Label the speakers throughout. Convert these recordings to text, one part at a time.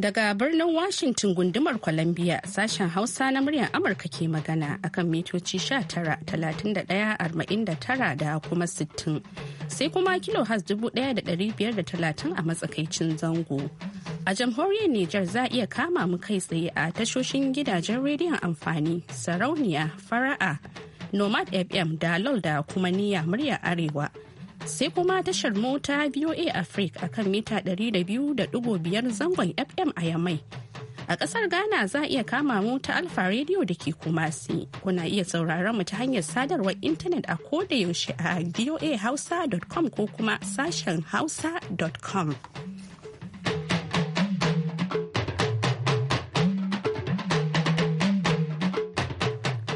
Speaker 1: Daga birnin Washington gundumar Columbia sashen Hausa na muryar Amurka ke magana akan mitoci 19,31,49 da kuma 60. Sai kuma kilo has 1,530 a matsakaicin zango. A jamhuriyar Nijar za iya kama mu kai tsaye a tashoshin gidajen rediyon amfani, sarauniya, fara'a, nomad FM da lol da kuma niyya muryar arewa. sai kuma tashar mota VOA Africa akan mita 200.5 zangon FM a Yamai. A ƙasar Ghana za a iya kama mu ta Alfa Radio da ke Kumasi. Kuna iya sauraron mu ta hanyar sadarwar intanet a koda yaushe a voahausa.com ko kuma sashen hausa.com.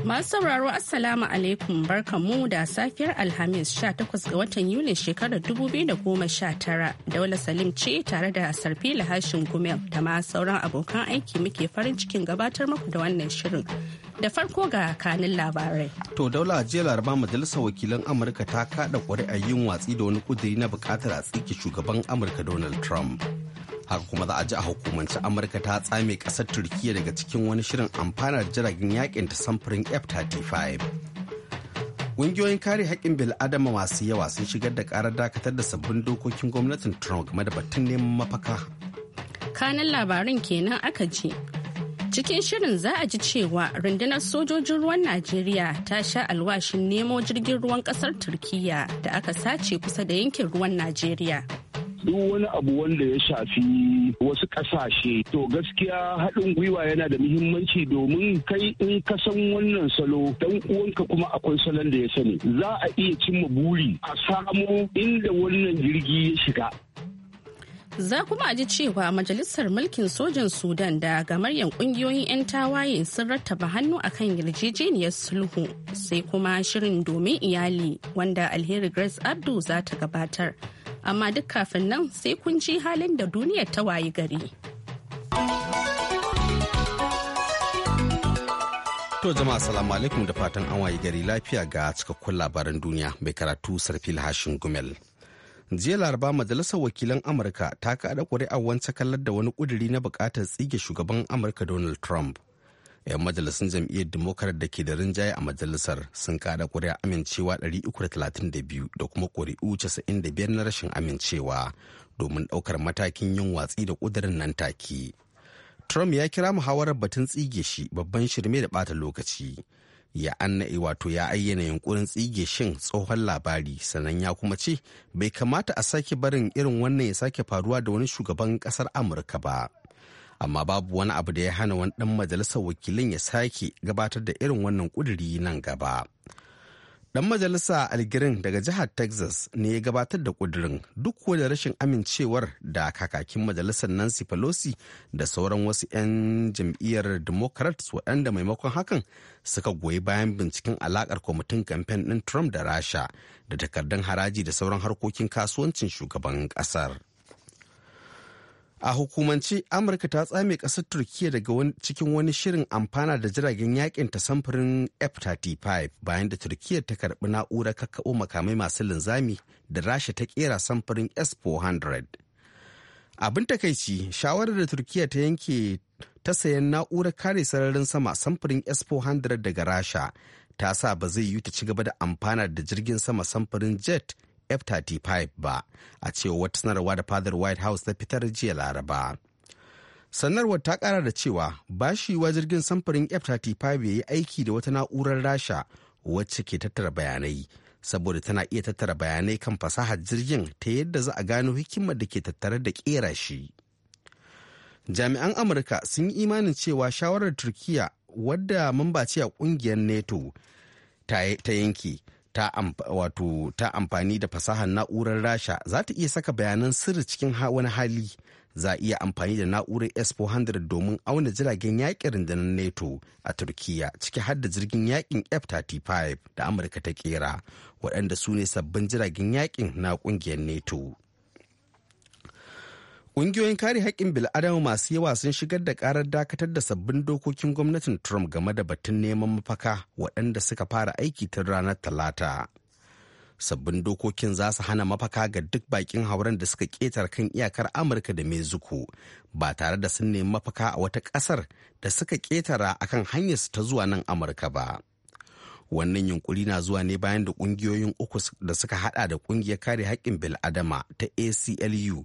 Speaker 1: Masu sauraro Assalamu alaikum mu da safiyar Alhamis 18 ga watan yuli shekarar 2019 Daula Salim ce tare da Sarfi Lahashin Gumel da ma sauran abokan aiki muke farin cikin gabatar muku da wannan shirin. Da farko ga kanin labarai.
Speaker 2: To Daula jiya laraba majalisar wakilan Amurka ta kada a yin watsi da wani kudiri na bukatar a tsiki shugaban Amurka Donald Trump. haka kuma za a ji a hukumance amurka ta tsame kasar turkiya daga cikin wani shirin amfana jiragen yakin ta samfurin f-35 Ƙungiyoyin kare haƙƙin bil'adama masu yawa sun shigar da ƙarar dakatar da sabbin dokokin gwamnatin Trump game da batun neman mafaka.
Speaker 1: Kanan labarin kenan aka ji. Cikin shirin za a ji cewa rundunar sojojin ruwan Najeriya ta sha alwashin nemo jirgin ruwan ƙasar Turkiyya da aka sace kusa da yankin ruwan Najeriya.
Speaker 2: duk wani abu wanda ya shafi wasu ƙasashe to gaskiya haɗin gwiwa yana da muhimmanci domin kai in ka san wannan salo dan uwanka kuma akwai salon da ya sani za a iya cimma buri a samo inda wannan jirgi ya shiga
Speaker 1: Za kuma a ji cewa Majalisar Mulkin Sojan Sudan da gamaryan kungiyoyin 'yan tawaye sun rattaba hannu akan yarjejeniyar sulhu sai kuma shirin domin iyali wanda Alheri Grace Abdu za ta gabatar. amma duk kafin nan sai kun ji halin da duniyar ta wayi gari.
Speaker 2: To jama'a salamu alaikum da fatan an wayi gari lafiya ga cikakkun labaran duniya mai karatu sarfil hashin gumel. Jiya laraba majalisar wakilan Amurka ta kaɗa ƙuri'ar wancan kallar da wani ƙuduri na buƙatar tsige shugaban Amurka Donald Trump. 'yan majalisun jam'iyyar democrat da ke da rinjaye a majalisar sun kada kuri'a amincewa 332 da kuma kuri'u 95 na rashin amincewa domin ɗaukar matakin yin watsi da kudurin nan take trump ya kira muhawarar batun tsige shi babban shirme da bata lokaci ya anna wato ya ayyana yunkurin tsige shin tsohon labari sannan ya kuma ce bai kamata a sake barin irin wannan ya sake faruwa da wani shugaban kasar amurka ba. amma babu wani abu da ya hana wani dan majalisar wakilin ya sake gabatar da irin wannan kuduri nan gaba. dan majalisa Algirin daga jihar Texas ne ya gabatar da kudirin duk da rashin amincewar da kakakin majalisar Nancy Pelosi da sauran wasu 'yan jam'iyyar Democrats waɗanda maimakon hakan suka goyi bayan binciken alakar kwamitin kamfen ɗin Trump da Rasha da takardun haraji da sauran harkokin kasuwancin shugaban ƙasar. a hukumance amurka ta tsame ƙasar Turkiyya daga cikin wani shirin amfana da jiragen yakin ta samfurin f-35 bayan da Turkiyya ta karbi na'urar kakkaɓo makamai masu linzami da rasha ta ƙera samfurin s-400 abin takaici shawarar da turkiya ta yanke ta sayan na'urar kare sararin sama samfurin s-400 daga rasha ta sa ba zai yi ta ci gaba da amfana da jirgin sama samfurin jet F-35 ba, a cewa wata sanarwa da fadar White House ta fitar jiya Laraba. Sanarwar ta kara da cewa bashi wa jirgin samfurin F-35 ya yi aiki da wata na'urar Rasha wacce ke tattara bayanai, saboda tana iya tattara bayanai kan fasahar jirgin ta yadda za a gano hikimar da ke tattare da kera shi. Jami'an Amurka sun yi imanin cewa shawarar Turkiyya wadda mamba ce a kungiyar NATO ta yanke ta wato ta amfani da fasahar na'urar rasha za ta iya saka bayanan sirri cikin wani hali za a iya amfani da na'urar s-400 domin auna jiragen yaƙin rundunar nato a turkiya ciki har da jirgin yaƙin f-35 da amurka ta kera waɗanda su ne sabbin jiragen yaƙin na ƙungiyar nato Ƙungiyoyin kare haƙƙin bil'adama masu yawa sun shigar da ƙarar dakatar da sabbin dokokin gwamnatin Trump game da batun neman mafaka waɗanda suka fara aiki tun ranar Talata. Sabbin dokokin za su hana mafaka ga duk baƙin hauren da suka ƙetar kan iyakar Amurka da Mexico ba tare da sun nemi mafaka a wata ƙasar da suka ƙetara akan hanyarsu ta zuwa nan Amurka ba. wannan yunkuri na zuwa ne bayan da ƙungiyoyin uku da suka haɗa da ƙungiyar kare haƙƙin bil'adama ta aclu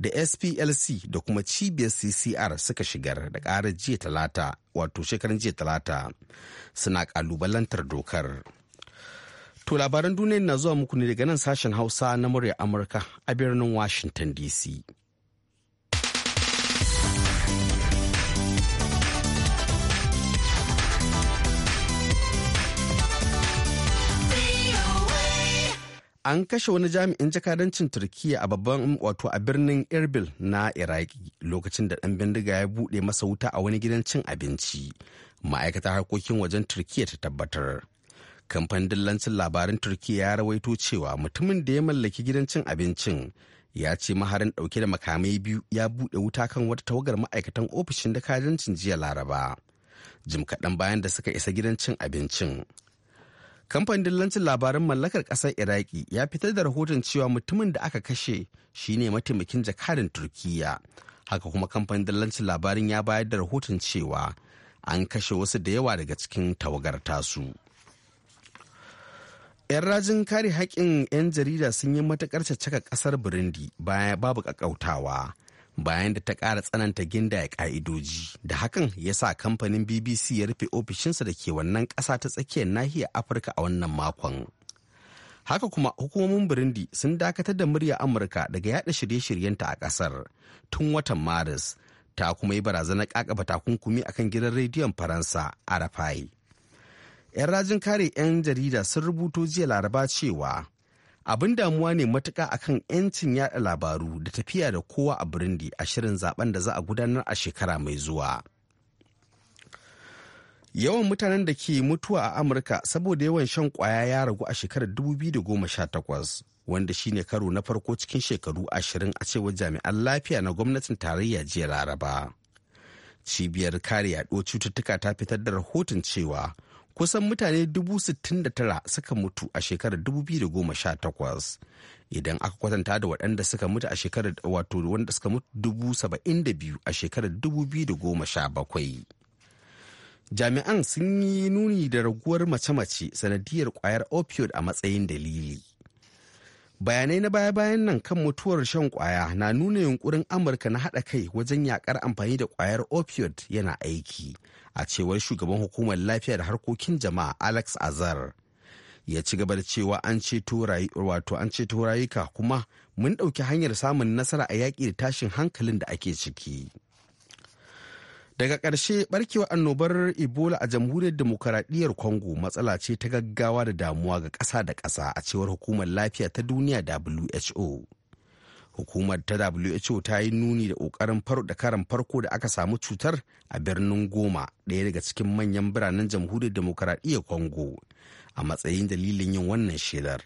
Speaker 2: da SPLC da kuma cibiyar CCR suka shigar da ƙara jiya talata wato shekarun jiya talata suna ƙalubalantar dokar. To labaran duniya na zuwa muku ne daga nan sashen Hausa na murya Amurka a birnin Washington DC. an kashe wani jami'in jakadancin turkiya a babban wato a birnin Irbil na iraki lokacin da ɗan bindiga ya buɗe masa wuta a wani gidan cin abinci ma'aikatar harkokin wajen turkiya ta tabbatar kamfanin dillancin labarin turkiya ya rawaito cewa mutumin da ya mallaki gidan cin abincin ya ce maharin ɗauke da makamai biyu ya buɗe wuta kan wata tawagar ma'aikatan ofishin jakadancin jiya laraba jim kaɗan bayan da suka isa gidan cin abincin kamfanin dillancin labarin mallakar ƙasar iraki ya fitar da rahoton cewa mutumin da aka kashe shine mataimakin jakadan turkiya haka kuma kamfanin dillancin labarin ya bayar da rahoton cewa an kashe wasu da yawa daga cikin tawagar tasu 'yan rajin kare haƙƙin 'yan jarida sun yi matuƙar caccaka ƙasar burundi baya babu ƙaƙƙautawa bayan da ta ƙara tsananta ginda ya ƙa'idoji da hakan ya sa kamfanin bbc ya rufe ofishinsa da ke wannan ƙasa ta tsakiyar nahiyar afirka a wannan makon haka kuma hukumomin burundi sun dakatar da murya amurka daga yada shirye-shiryenta a ƙasar tun watan maris ta kuma yi barazanar kakaba takunkumi akan gidan rediyon faransa arafai 'yan rajin kare 'yan jarida sun rubuto jiya laraba cewa abin damuwa ne matuka akan 'yancin yada labaru da tafiya da kowa a burundi a shirin zaben da za a gudanar a shekara mai zuwa yawan mutanen da ke mutuwa a amurka saboda yawan shan kwaya ya ragu a shekarar 2018 wanda shine karo na farko cikin shekaru 20 a cewar jami'an lafiya na gwamnatin tarayya jiya laraba cibiyar kare yaɗuwar cututtuka ta fitar da rahoton cewa kusan mutane 69,000 suka mutu a shekarar 2018 idan aka kwatanta da waɗanda suka mutu a shekarar wato wanda suka mutu 72,000 a shekarar 2017 jami'an sun yi nuni da raguwar mace-mace sanadiyar kwayar opioid a matsayin dalili bayanai na baya-bayan nan kan mutuwar shan kwaya na nuna yunkurin amurka na haɗa kai wajen yakar amfani da kwayar opioid yana aiki a cewar shugaban hukumar lafiyar harkokin jama'a alex azar ya ci gaba da cewa an ceto wato an ceto rayuka kuma mun ɗauki hanyar samun nasara a yaƙi da tashin hankalin da ake ciki. daga ƙarshe barkewar annobar ebola a jamhuriyar demokaradiyyar congo matsala ce ta gaggawa da damuwa ga ƙasa da ƙasa a cewar hukumar lafiya ta duniya who hukumar ta who ta yi nuni da ƙoƙarin faro da karan farko da aka samu cutar a birnin goma ɗaya daga cikin manyan biranen jamhuriyar demokaradiyyar congo a matsayin dalilin yin wannan shelar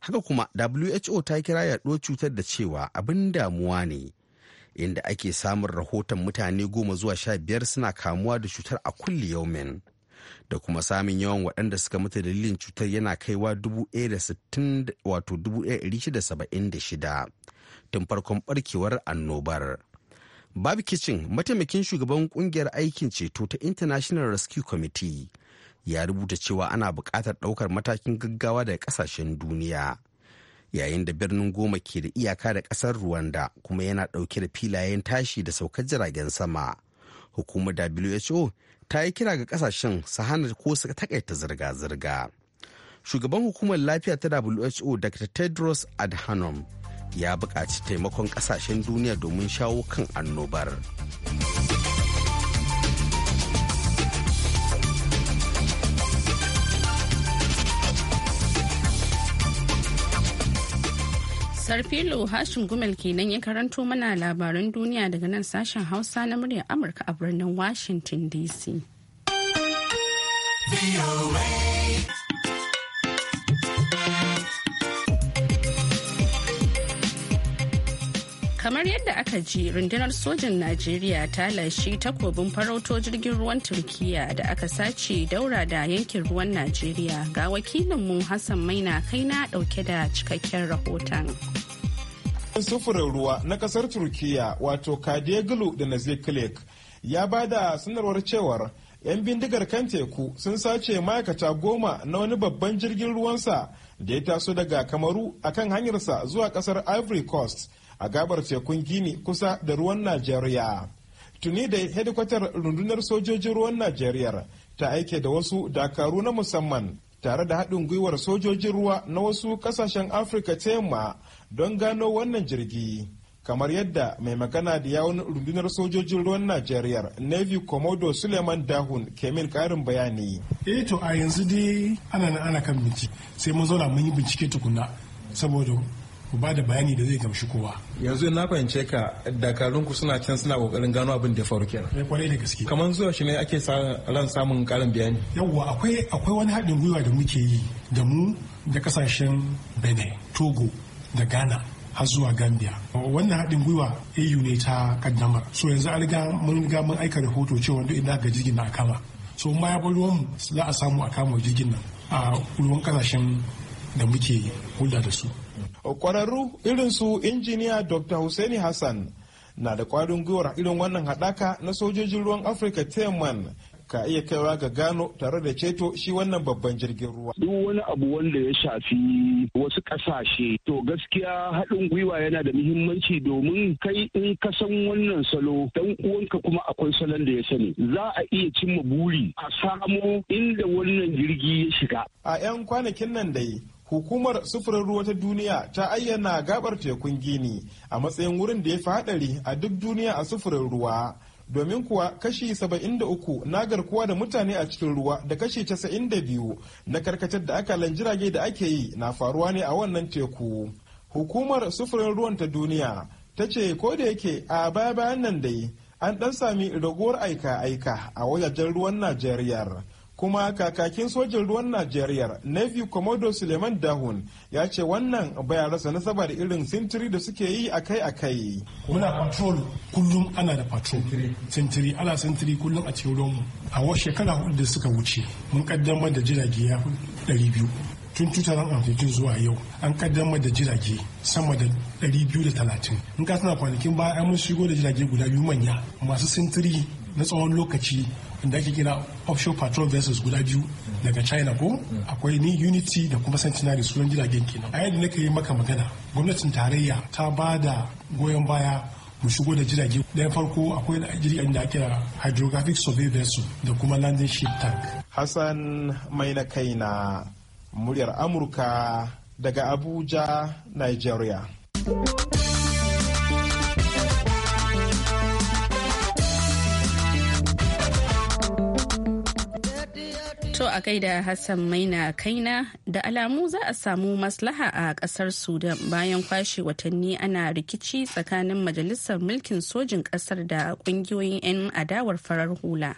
Speaker 2: haka kuma who ta kira yaɗuwar cutar da cewa abin damuwa ne inda ake samun rahoton mutane goma zuwa sha biyar suna kamuwa da cutar a kulli yaumin da kuma samun yawan waɗanda suka mutu dalilin cutar yana kaiwa 1,676 tun farkon barkewar annobar. Babu Kitchen, mataimakin shugaban kungiyar aikin ceto ta International Rescue Committee, ya rubuta cewa ana buƙatar ɗaukar matakin gaggawa daga ƙasashen duniya. yayin da birnin goma ke da iyaka da ƙasar Rwanda kuma yana ɗauke da filayen tashi da saukar jiragen sama. Hukumar WHO ta yi kira ga ƙasashen su hana ko su takaita zirga-zirga. Shugaban hukumar lafiya ta WHO Dr. Tedros Adhanom ya buƙaci taimakon ƙasashen duniya domin shawo kan annobar.
Speaker 1: filo Hashin Gumel kenan ya karanto mana labaran duniya daga nan sashen Hausa na muryar Amurka a birnin Washington DC. kamar yadda aka ji rundunar sojin najeriya ta lashe takobin farauto jirgin ruwan turkiya da aka sace daura da yankin ruwan najeriya ga wakilinmu hassan maina kaina dauke da cikakken rahoton
Speaker 3: sufurin ruwa na kasar turkiya wato kadiyaglu da naziklek ya ba da sanarwar cewar 'yan bindigar kan teku sun sace ma'aikata goma na wani babban jirgin ruwansa da ya taso daga kamaru akan hanyarsa zuwa kasar ivory coast a gabar tekun gini kusa da ruwan najeriya tuni da hedikwatar rundunar sojojin ruwan najeriya ta aike da wasu dakaru na musamman tare da haɗin gwiwar sojojin ruwa na wasu ƙasashen afirka ta yamma don gano wannan jirgi kamar yadda mai magana da yawon rundunar sojojin ruwan najeriya navy komodo suleiman dahun ke min karin bayani
Speaker 4: eh to a yanzu dai ana ana kan bincike sai mun zauna mun yi bincike tukuna saboda ku ba da bayani da zai gamshi kowa
Speaker 3: yanzu na fahimce ka dakarun ku suna can suna kokarin gano abin da faru kenan
Speaker 4: ne eh, kwarai da gaske
Speaker 3: kamar zuwa shi ne ake ran samun karin bayani
Speaker 4: yawwa akwai akwai wani haɗin gwiwa da muke yi da mu da kasashen Benin Togo da Ghana har zuwa gambia wannan haɗin gwiwa au ne ta kaddamar so yanzu an riga mun riga mun aika rahoto cewa duk inda ga jirgin na kama so ma ya bar ruwan za a samu a kama jirgin nan a ruwan kasashen da muke hulɗa da su.
Speaker 3: Kwararru irin su injiniya Dr. Hussaini Hassan na da kwarin gwiwar irin wannan haɗaka na sojojin ruwan Afirka ta ka iya kaiwa ga gano tare da ceto shi wannan babban jirgin ruwa. Duk wani abu wanda ya shafi
Speaker 2: wasu ƙasashe to gaskiya haɗin gwiwa yana da muhimmanci domin kai in ka san wannan salo dan uwanka kuma akwai salon da ya sani za a iya cimma buri a samo inda wannan jirgi ya shiga. A 'yan kwanakin nan dai
Speaker 3: hukumar sufurin ruwa ta duniya ta ayyana gabar tekun gini a matsayin wurin da ya fi hadari a duk duniya a sufurin ruwa domin kuwa kashi 73 na garkuwa da mutane a cikin ruwa da kashi 92 na karkatar da akalan jirage da ake yi na faruwa ne a wannan teku hukumar sufurin ruwan ta duniya ta ce ko da yake a baya bayan nan dai an ɗan sami raguwar aika-aika a wajajen ruwan najeriya kuma kakakin sojin ruwan najeriya navy komodo suleiman dahun ya ce wannan baya rasa nasaba da irin sintiri da suke yi akai-akai
Speaker 4: muna patrol kullum ana da patrol sintiri ana sintiri kullum a cikin ruwanmu a wasu shekara hudu da suka wuce mun kaddamar da jirage ya 200 tun 2015 zuwa yau an kaddamar da jirage sama da talatin. in ka suna kwanakin baya an mun shigo da jirage guda biyu manya masu sintiri na tsawon lokaci da ake kira offshore patrol vessels guda biyu daga china ko akwai ni unity da kuma centenary sunan jiragen kenan a yadda nake yi maka magana gwamnatin tarayya ta ba da goyon baya mu shigo da jirage ɗaya farko akwai jirgin da ake hydrographic survey vessel da kuma landing ship tank
Speaker 3: hassan mai na kai na muryar amurka daga abuja nigeria
Speaker 1: yau a gaida Hassan Maina Kaina da alamu za a samu maslaha a kasar Sudan bayan kwashe watanni ana rikici tsakanin majalisar mulkin sojin kasar da ƙungiyoyin 'yan adawar farar hula.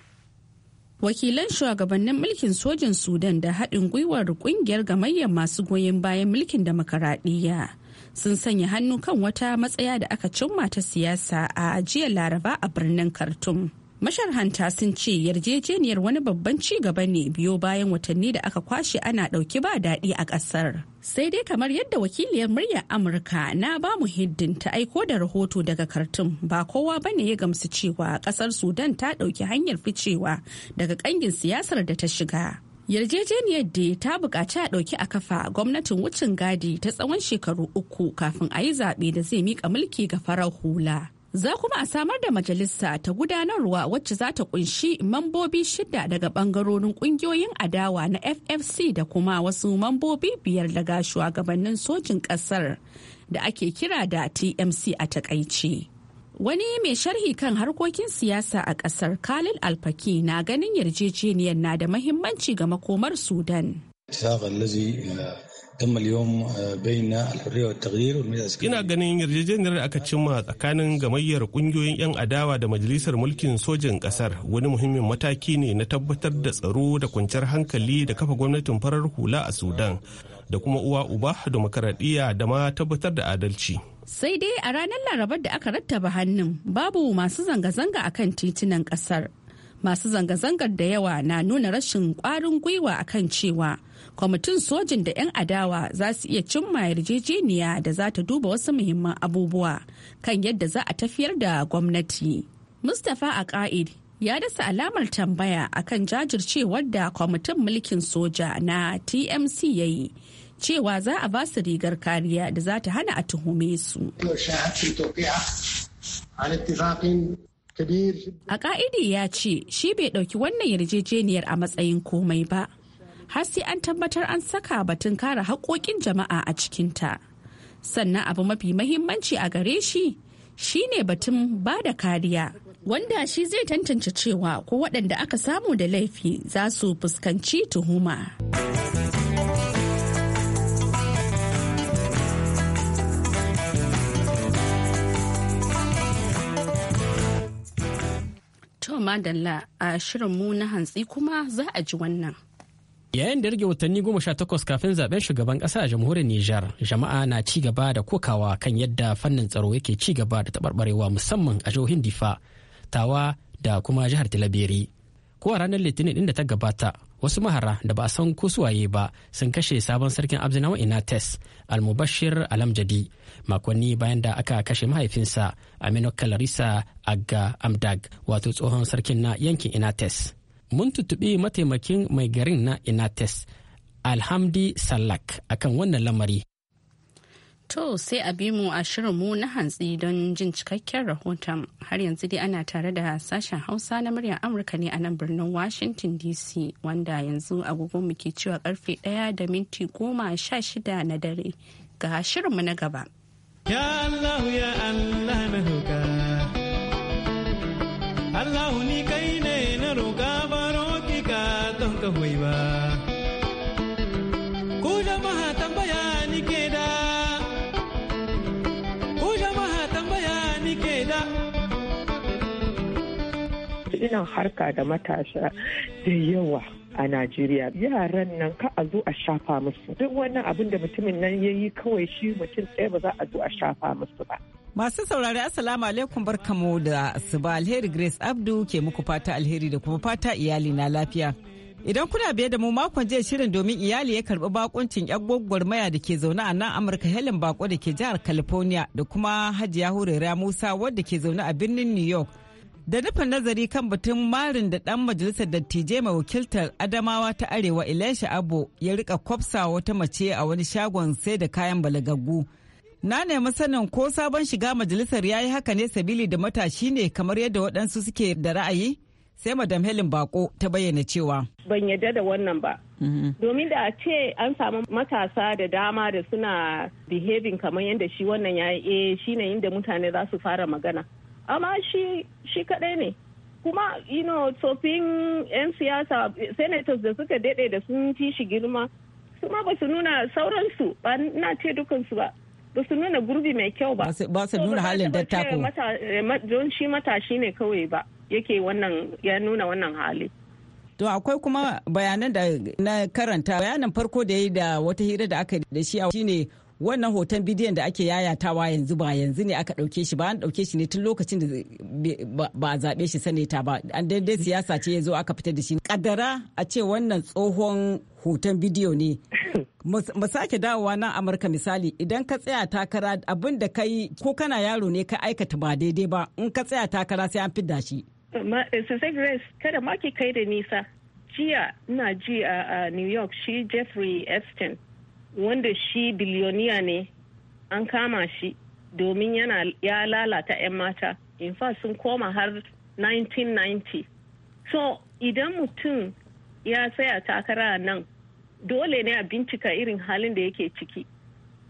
Speaker 1: Wakilan shugabannin mulkin sojin Sudan da haɗin gwiwar ƙungiyar gamayyar masu goyon bayan mulkin demokaradiyya sun sanya hannu kan wata matsaya da aka cimma ta siyasa a jiya Laraba a birnin Khartoum. masharhanta sun ce yarjejeniyar wani babban ci gaba ne biyo bayan watanni da aka kwashe ana ɗauki ba daɗi a ƙasar sai dai kamar yadda wakiliyar muryar amurka na ba mu hiddin ta aiko da rahoto daga kartun ba kowa ba ne ya gamsu cewa ƙasar sudan ta ɗauki hanyar ficewa daga ƙangin siyasar da ta shiga yarjejeniyar da ta buƙaci a ɗauki a kafa gwamnatin wucin gadi ta tsawon shekaru uku kafin a yi zaɓe da zai mika mulki ga farar hula Za kuma a samar da majalisa ta gudanarwa wacce za ta kunshi mambobi shida daga bangarorin kungiyoyin adawa na FFC da kuma wasu mambobi biyar daga shugabannin sojin ƙasar da ake kira da TMC a takaice. Wani mai sharhi kan harkokin siyasa a ƙasar Khalil Alfaki na ganin yarjejeniyar na da mahimmanci ga makomar Sudan.
Speaker 3: ina ganin yarjejeniyar aka cimma tsakanin gamayyar kungiyoyin 'yan adawa da majalisar mulkin sojin kasar wani muhimmin mataki ne na tabbatar da tsaro da kwanciyar hankali da kafa gwamnatin farar hula a sudan da kuma uwa uba demokaradiyya da ma tabbatar da adalci
Speaker 1: sai dai a ranar larabar da aka rattaba hannun babu masu zanga-zanga akan titunan kasar masu zanga-zangar da yawa na nuna rashin kwarin gwiwa akan cewa kwamitin sojin da 'yan adawa za su iya cimma yarjejeniya da za ta duba wasu muhimman abubuwa kan yadda za a tafiyar da gwamnati mustapha aka'id ya dasa alamar tambaya akan jajircewar da kwamitin mulkin soja na tmc ya yi cewa za a ba su rigar kariya da za ta hana a tuhume su a ka'idi ya ce shi bai ɗauki wannan yarjejeniyar a matsayin komai ba har sai an tabbatar an saka batun kare haƙoƙin jama'a a cikinta. Sannan abu mafi mahimmanci a gare shi shine batun ba da kariya wanda shi zai tantance cewa ko waɗanda aka samu da laifi za su fuskanci tuhuma. To madalla a shirinmu na hantsi kuma za a ji wannan.
Speaker 5: Yayin da rage watanni goma sha takwas kafin zaben shugaban kasa a jamhuriyar Nijar, jama'a na ci gaba da kokawa kan yadda fannin tsaro yake ci gaba da taɓarɓarewa musamman a jihohin Difa, Tawa da kuma jihar Talabiri. Ko a ranar Litinin ɗin da ta gabata, wasu mahara da ba a san ko suwaye ba sun kashe sabon sarkin Abzinawa Inates, Almubashir Alamjadi, makonni bayan da aka kashe mahaifinsa Aminu Kalarisa Aga Amdag, wato tsohon sarkin na yankin Inates. mun tuntuɓi mataimakin mai garin na inates alhamdi sallak akan wannan lamari
Speaker 1: To sai a bi mu a shirinmu na hantsi don jin cikakken rahoton har yanzu dai ana tare da sashen hausa na muryar amurka ne a nan birnin washington dc wanda yanzu agogo mu ke cewa karfe ɗaya da minti goma sha shida na dare ga shirinmu na gaba.
Speaker 3: Ya Allah ya Allah na Allah ni kai ne na roƙa baro don ka hoyi ba. Ku jama'a tambaya
Speaker 6: ni ke da, ku jama'a tambaya ni ke da. Ina harka da matasa da yawa. a Najeriya. Yaran nan ka a zo a shafa musu. Duk wannan abin da mutumin nan ya yi kawai shi mutum ɗaya ba za a zo a shafa musu ba.
Speaker 5: Masu saurari Assalamu alaikum barkamu da asuba alheri Grace Abdu ke muku fata alheri da kuma fata iyali na lafiya. Idan kuna biye da mu makon jiya shirin domin iyali ya karbi bakuncin yan maya da ke zaune a nan Amurka Helen Bako da ke jihar California da kuma Hajiya Hurera Musa wadda ke zaune a birnin New York. Da nufin nazari kan batun marin da dan majalisar dattijai mai wakiltar Adamawa ta Arewa Elisha Abo ya rika kwafsa wata mace a wani shagon sai da kayan balagaggu. Na nemi sanin ko sabon shiga majalisar ya yi haka ne sabili da matashi ne kamar yadda waɗansu suke da ra'ayi? Sai Madam Helen Bako ta bayyana cewa.
Speaker 7: Ban yadda da wannan ba. Mhm. Domin da a ce an samu matasa da dama da suna behaving kamar yadda shi wannan ya yi eh, shi ne inda mutane za su fara magana. Amma shi shi kaɗai ne. Kuma, you know, tsofin 'yan siyasa, senators da suka daɗe da sun ci shi girma, su ma ba su nuna sauransu ba na ce dukansu ba. ba su nuna gurbi mai kyau ba ba su nuna halin ko. Eh, don shi matashi ne kawai ba yake wannan ya nuna wannan hali
Speaker 5: to akwai kuma bayanan da na karanta bayanan farko da ya yi da wata hira da aka da shi a shine wannan hoton bidiyon da ake yayatawa yanzu ba yanzu ne aka ɗauke shi ba an ɗauke shi ne tun lokacin da ba a zaɓe shi saneta ba an daidai siyasa ce ya zo aka fita da shi kadara a ce wannan tsohon hoton bidiyo ne mu sake dawowa nan amurka misali idan ka tsaya takara abin da kai ko kana yaro ne ka aikata ba daidai ba in ka tsaya takara sai an fidda shi
Speaker 7: eh, kada ma kai da nisa jiya ina ji a new york shi jeffrey epstein wanda shi biliyoniya ne an kama shi domin yana ya lalata 'yan mata in fa sun koma har 1990 so idan mutum ya tsaya takara nan dole ne a bincika irin halin da yake ciki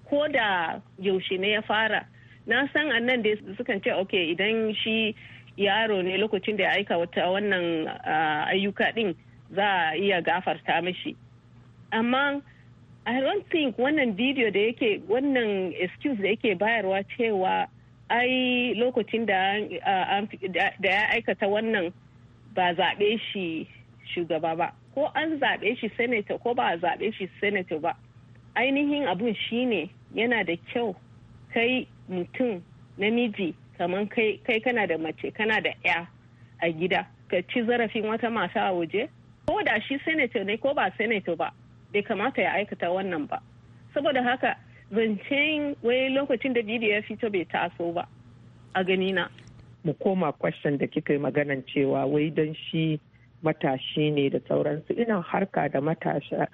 Speaker 7: ko da yaushe ne ya fara na san a nan da sukan ce ok idan shi yaro ne lokacin da ya aika wata wannan ah, ayyuka din za a iya gafarta mashi amma I don't think wannan video da yake wannan excuse da yake bayarwa cewa ai lokacin uh, da ya aikata wannan ba zaɓe shi shugaba ba ko an zaɓe shi senator ko ba a zaɓe shi senator ba ainihin abun shine yana da kyau kai mutum namiji kamar kai kana da mace kana da ya a gida ka ci zarafin wata mata a waje ko da shi senator ne ko ba senator ba bai kamata ya aikata wannan ba saboda haka zancen wai lokacin da bidiyo ya fito bai taso ba a ganina
Speaker 6: mu koma question da kika yi maganan cewa wai don shi matashi ne da sauransu ina harka da matasha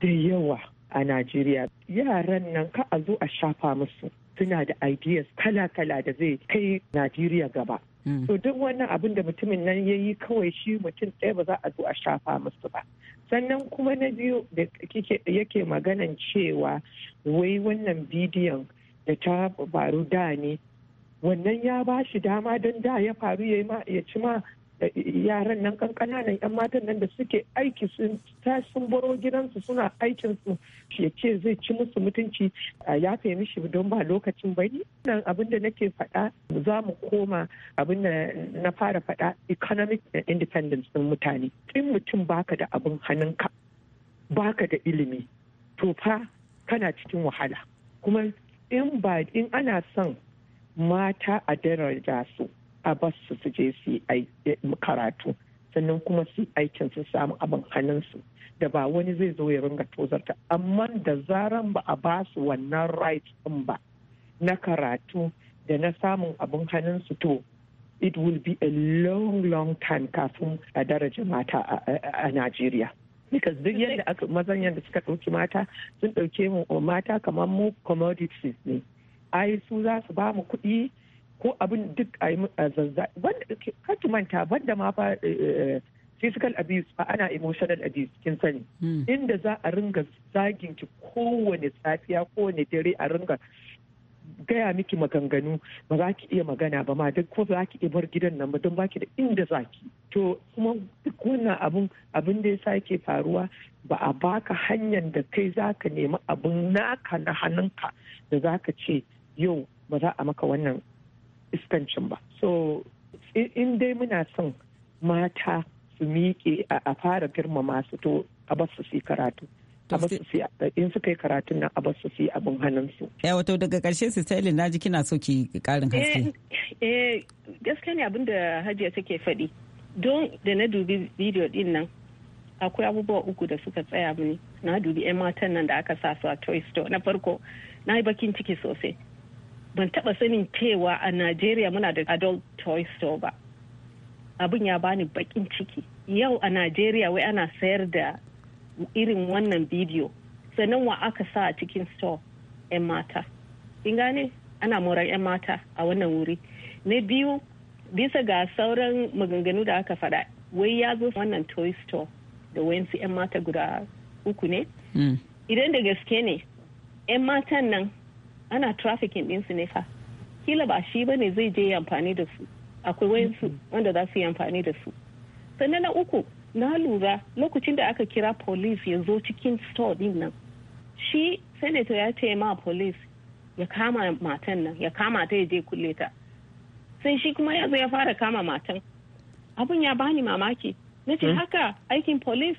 Speaker 6: da yawa a najeriya yaran nan ka a zo a shafa musu suna da ideas kala-kala da zai kai najeriya gaba to mm. duk wannan abin da mutumin nan ya yi kawai shi mutum ɗaya ba za a zo a shafa musu ba sannan kuma na biyu da yake maganan cewa wai wannan bidiyon da ta faru da ne wannan ya ba shi dama don da ya faru ya ci ma yaran nan nan yan matan nan da suke aiki sun sun baro gidansu suna aikin su ya ce zai ci musu mutunci ya fahimci shi don ba lokacin ba ni nan abin da nake faɗa za mu koma abin da na fara faɗa economic independence din mutane in mutum baka da abin hannunka baka da ilimi to fa kana cikin wahala kuma in ba in ana son mata a daraja su a bas su su je su eh, karatu sannan kuma su aikin su samu abin hannunsu da ba wani zai zo ya ringa tozarta amma da zaran ba a basu wannan right din ba na karatu da na samun abin hannunsu to it will be a long long time kafin a daraja mata a Najeriya. Because duk yadda aka mazan yadda suka ɗauki mata sun ɗauke mu mata kamar mu commodities ne. Ai su za su ba mu kuɗi ko abin duk a yi zazza manta wanda ma fa eh, eh, physical abuse fa ana emotional abuse kin sani hmm. inda za a ringa zagin ki kowane safiya kowane dare a ringa gaya miki maganganu ba za ki iya magana ba ma duk ko za ki iya bar gidan nan ba don ba ki da inda za ki to kuma duk wannan abun abin da ya sake faruwa ba a baka hanyar da kai za ka nemi abin naka na hannunka da za ka ce yau ba za a maka wannan iskancin ba so in dai muna son mata su miƙe a fara girmama su to a basu su karatu in suka yi karatun nan a basu su abin hannunsu.
Speaker 5: ya eh, wato daga karshe su na ji kina so ki ƙarin eh, haske eh
Speaker 7: gaskiya ne abin da hajiya take faɗi don da na dubi bidiyo ɗin nan akwai abubuwa uku da suka tsaya mini na dubi 'yan matan nan da aka sa su a toy store na farko na yi bakin ciki sosai ban taba sanin cewa a najeriya muna da adult toy store ba abin ya bani bakin ciki yau a najeriya wai ana sayar da irin wannan bidiyo sannan wa aka sa a cikin store 'yan mata in gane ana moran 'yan mata a wannan wuri na biyu bisa ga sauran maganganu da aka faɗa wai ya zo wannan toy store da wayansu 'yan mata guda uku ne mm. idan da gaske ne 'yan matan nan ana trafficking ɗinsu ne fa kila ba shi bane zai je yi amfani da su akwai wayansu mhm. wanda za su yi amfani da su sannan na uku na lura lokacin da aka kira police ya zo cikin store din nan shi senator ya ce ma police ya kama matan nan ya kama ta ya je kulle ta sai shi kuma ya zo ya fara kama matan abun ya bani mamaki na ce hmm. haka aikin police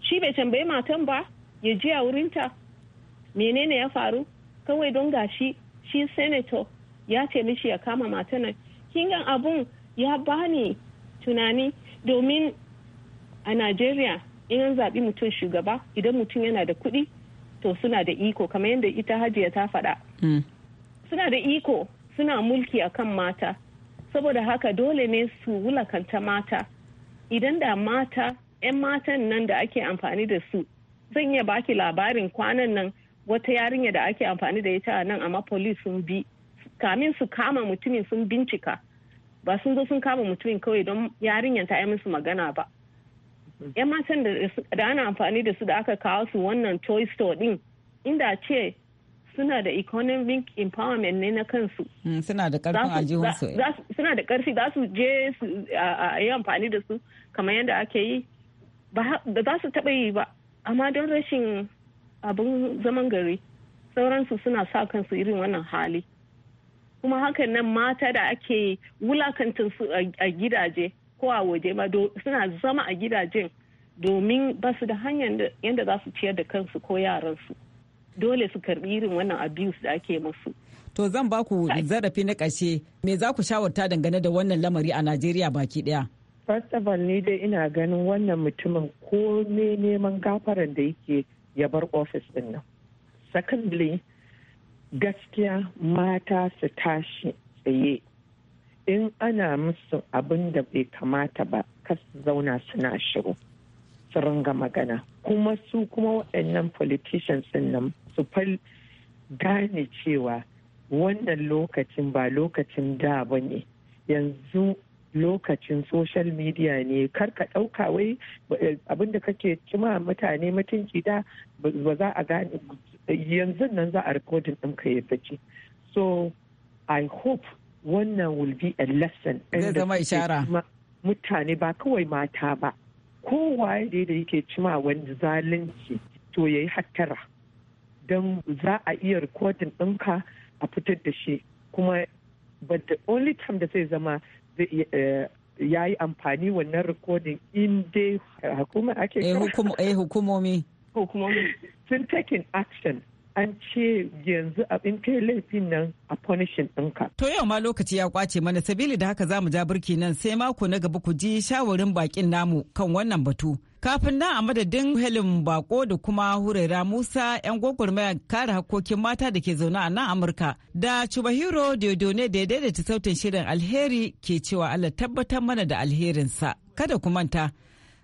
Speaker 7: shi bai tambayi matan ba ya je a wurinta menene ya faru kawai don gashi shi senator ya ce mishi ya kama matan nan kingan abun ya bani tunani domin a nigeria in an zaɓi mutum shugaba idan mutum yana da kuɗi to suna da iko kamar yadda ita hajiya ta faɗa mm. suna da iko suna mulki akan mata saboda haka dole ne su wulakanta mata idan da mata 'yan matan nan da ake amfani da su zan iya baki labarin kwanan nan wata yarinya da ake amfani da ita a nan amma police sun bi kamin su kama mutumin sun bincika ba sun zo sun kama mutumin kawai don yarinyar ta yi musu magana ba yan matan da ana amfani da su da aka kawo su wannan toy store din inda ce suna da economic empowerment ne na kansu
Speaker 5: mm, suna da karfin ajiyarsu eh.
Speaker 7: suna da karfi za su je su yi amfani da su kamar yadda ake yi ba za su taɓa yi ba amma don rashin abin zaman gari sauransu suna sa kansu irin wannan hali kuma hakan nan mata da ake wulakantar su a gidaje ko a waje ma suna zama a gidajen domin ba su da hanyar yadda za su ciyar da kansu ko yaransu dole su karbi irin wannan
Speaker 5: abuse da ake masu. to zan ba ku zarafi na ƙarshe me za ku shawarta dangane da wannan lamari a najeriya baki ɗaya
Speaker 6: first of all ni dai ina ganin wannan mutumin ko ne neman gafaran da yake ya bar ofis din nan secondly gaskiya mata su tashi tsaye in ana musu abin da bai kamata ba kas zauna suna shiru su ringa magana kuma su kuma waɗannan politicians nan su fal gane cewa wannan lokacin ba lokacin da ba ne yanzu lokacin social media ne karka ɗauka wai eh, abinda kake cima mutane mutunci da ba za a gane yanzu nan za a rikodin ɗin ka ya fice so i hope wannan will be a lesson zama mutane ba kawai mata ba kowa da da yake cima wani zalunci to ya yi hattara don za a iya rikodin ɗinka a fitar da shi kuma but the only time da zai zama Eh, ya yi amfani wannan rikodin in dai ake eh, eh hukumomi sun taking action an ce yanzu abin kai laifin nan a punishin ɗinka.
Speaker 5: To yau ma lokaci ya kwace mana sabili da haka za mu ja birki nan sai mako na gaba ku ji shawarin bakin namu kan wannan batu. Kafin nan a madadin Helen Bako da kuma Huraira Musa 'yan gwagwarmaya kare hakokin mata da ke zaune a nan Amurka da Chubahiro Diodone da ya daidaita sautin shirin alheri ke cewa Allah tabbatar mana da alherinsa. Kada ku manta,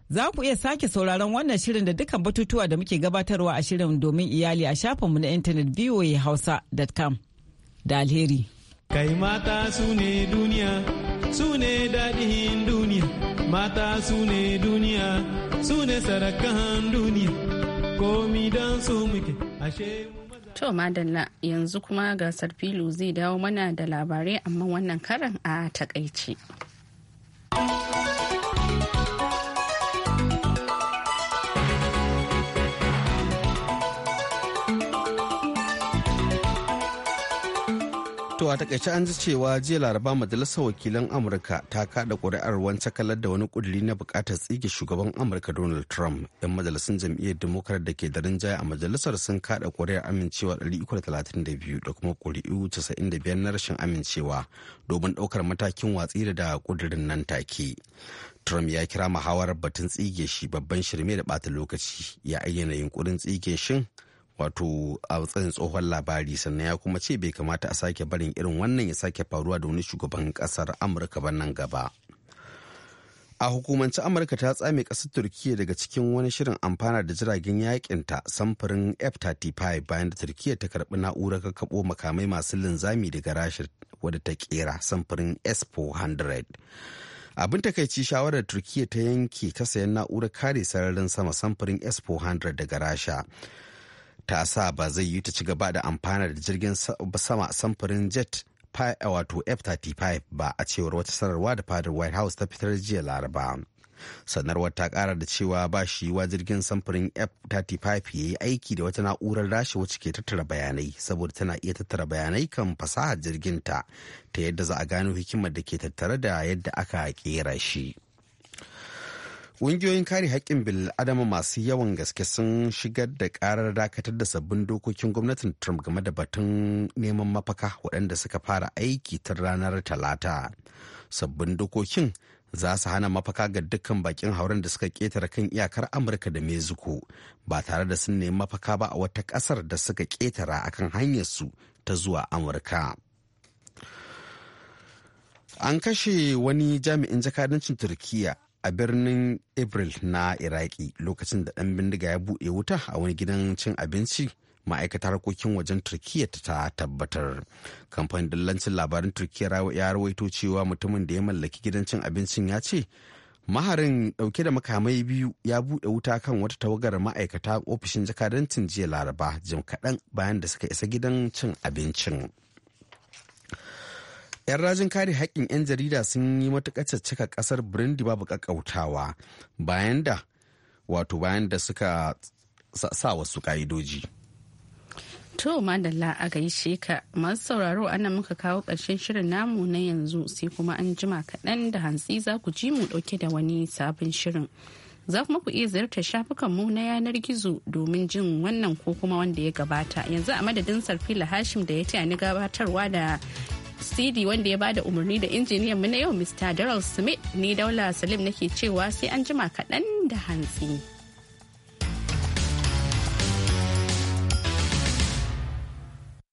Speaker 5: za ku iya sake sauraron wannan shirin da dukkan batutuwa da muke gabatarwa a shirin domin iyali a shafinmu na intanet voahausa.com da alheri. Kai mata su ne duniya,
Speaker 3: su ne daɗin duniya, mata su ne duniya. su ne
Speaker 2: sarakan duniya komi don su muke ashe
Speaker 1: To madalla yanzu kuma gasar filu zai dawo mana da labarai amma wannan karan a takaici.
Speaker 2: To a takaice an ji cewa jiya laraba majalisar wakilan Amurka ta kada kuri'ar wancan cakalar da wani ƙuduri na bukatar tsige shugaban Amurka Donald Trump. 'Yan majalisun jam'iyyar demokrat da ke da rinjaye a majalisar sun kada kuri'ar amincewa 332 da kuma ƙuri'u 95 na rashin amincewa domin ɗaukar matakin watsi da da ƙudurin nan take. Trump ya kira muhawarar batun tsige shi babban shirme da bata lokaci ya ayyana yunkurin tsige shin wato a tsayin tsohon labari sannan ya kuma ce bai kamata a sake barin irin wannan ya sake faruwa da wani shugaban kasar amurka ba nan gaba a hukumance amurka ta tsame kasar turkiya daga cikin wani shirin amfana da jiragen ta samfurin f-35 bayan da turkiya ta karbi na'urar kakabo makamai masu linzami daga rasha wadda ta kera samfurin s-400 abin takaici shawarar turkiya ta yanke ta sayan na'urar kare sararin sama samfurin s-400 daga rasha ta sa ba zai yi ta ci gaba da amfana da jirgin sama samfurin jet eh, wato f-35 ba a cewar wata sanarwa da fadar white house ta fitar jiya laraba sanarwar ta kara da cewa ba shi wa jirgin samfurin f-35 ya yi aiki da wata na'urar rashi wacce ke tattara bayanai saboda tana iya tattara bayanai kan fasahar jirginta ta yadda za a gano hikimar da ke tattare da yadda aka kera shi. Ƙungiyoyin kare haƙƙin Bil bil'adama masu yawan gaske sun shigar da ƙarar dakatar da sabbin dokokin gwamnatin Trump game da batun neman mafaka waɗanda suka fara aiki ta ranar Talata. Sabbin dokokin za su hana mafaka ga dukkan bakin hauren da suka ƙetare kan iyakar Amurka da Mexico ba tare da sun nemi mafaka ba a wata ƙasar da suka ƙetara akan hanyarsu ta zuwa Amurka. An kashe wani jami'in jakadancin Turkiyya a birnin april na iraki lokacin da dan bindiga ya buɗe wuta a wani gidan cin abinci ma'aikatar harkokin wajen turkiyya ta tabbatar kamfanin dallancin labarin turkiyya ya rawaito cewa mutumin da ya mallaki gidan cin abincin ya ce maharin dauke da makamai biyu ya buɗe wuta kan wata tawagar ma'aikata ofishin jakadancin jiya laraba jim kaɗan bayan da suka isa gidan cin abincin 'yan rajin kare haƙƙin 'yan jarida sun yi matuƙar caccaka ƙasar burundi babu ƙaƙƙautawa bayan da wato bayan da suka sa wasu ƙa'idoji.
Speaker 1: To madalla a gaishe ka masu sauraro ana muka kawo ƙarshen shirin namu na yanzu sai kuma an jima kaɗan da hantsi za ku ji mu ɗauke da wani sabon shirin. Za kuma ku iya ziyartar shafukanmu na yanar gizo domin jin wannan ko kuma wanda ya gabata yanzu a madadin sarfila hashim da ya taya ni gabatarwa da cd wanda ya bada umarni da injiniyan mu na yau mr daryl smith ni daula salim nake cewa sai an jima kaɗan da hantsi.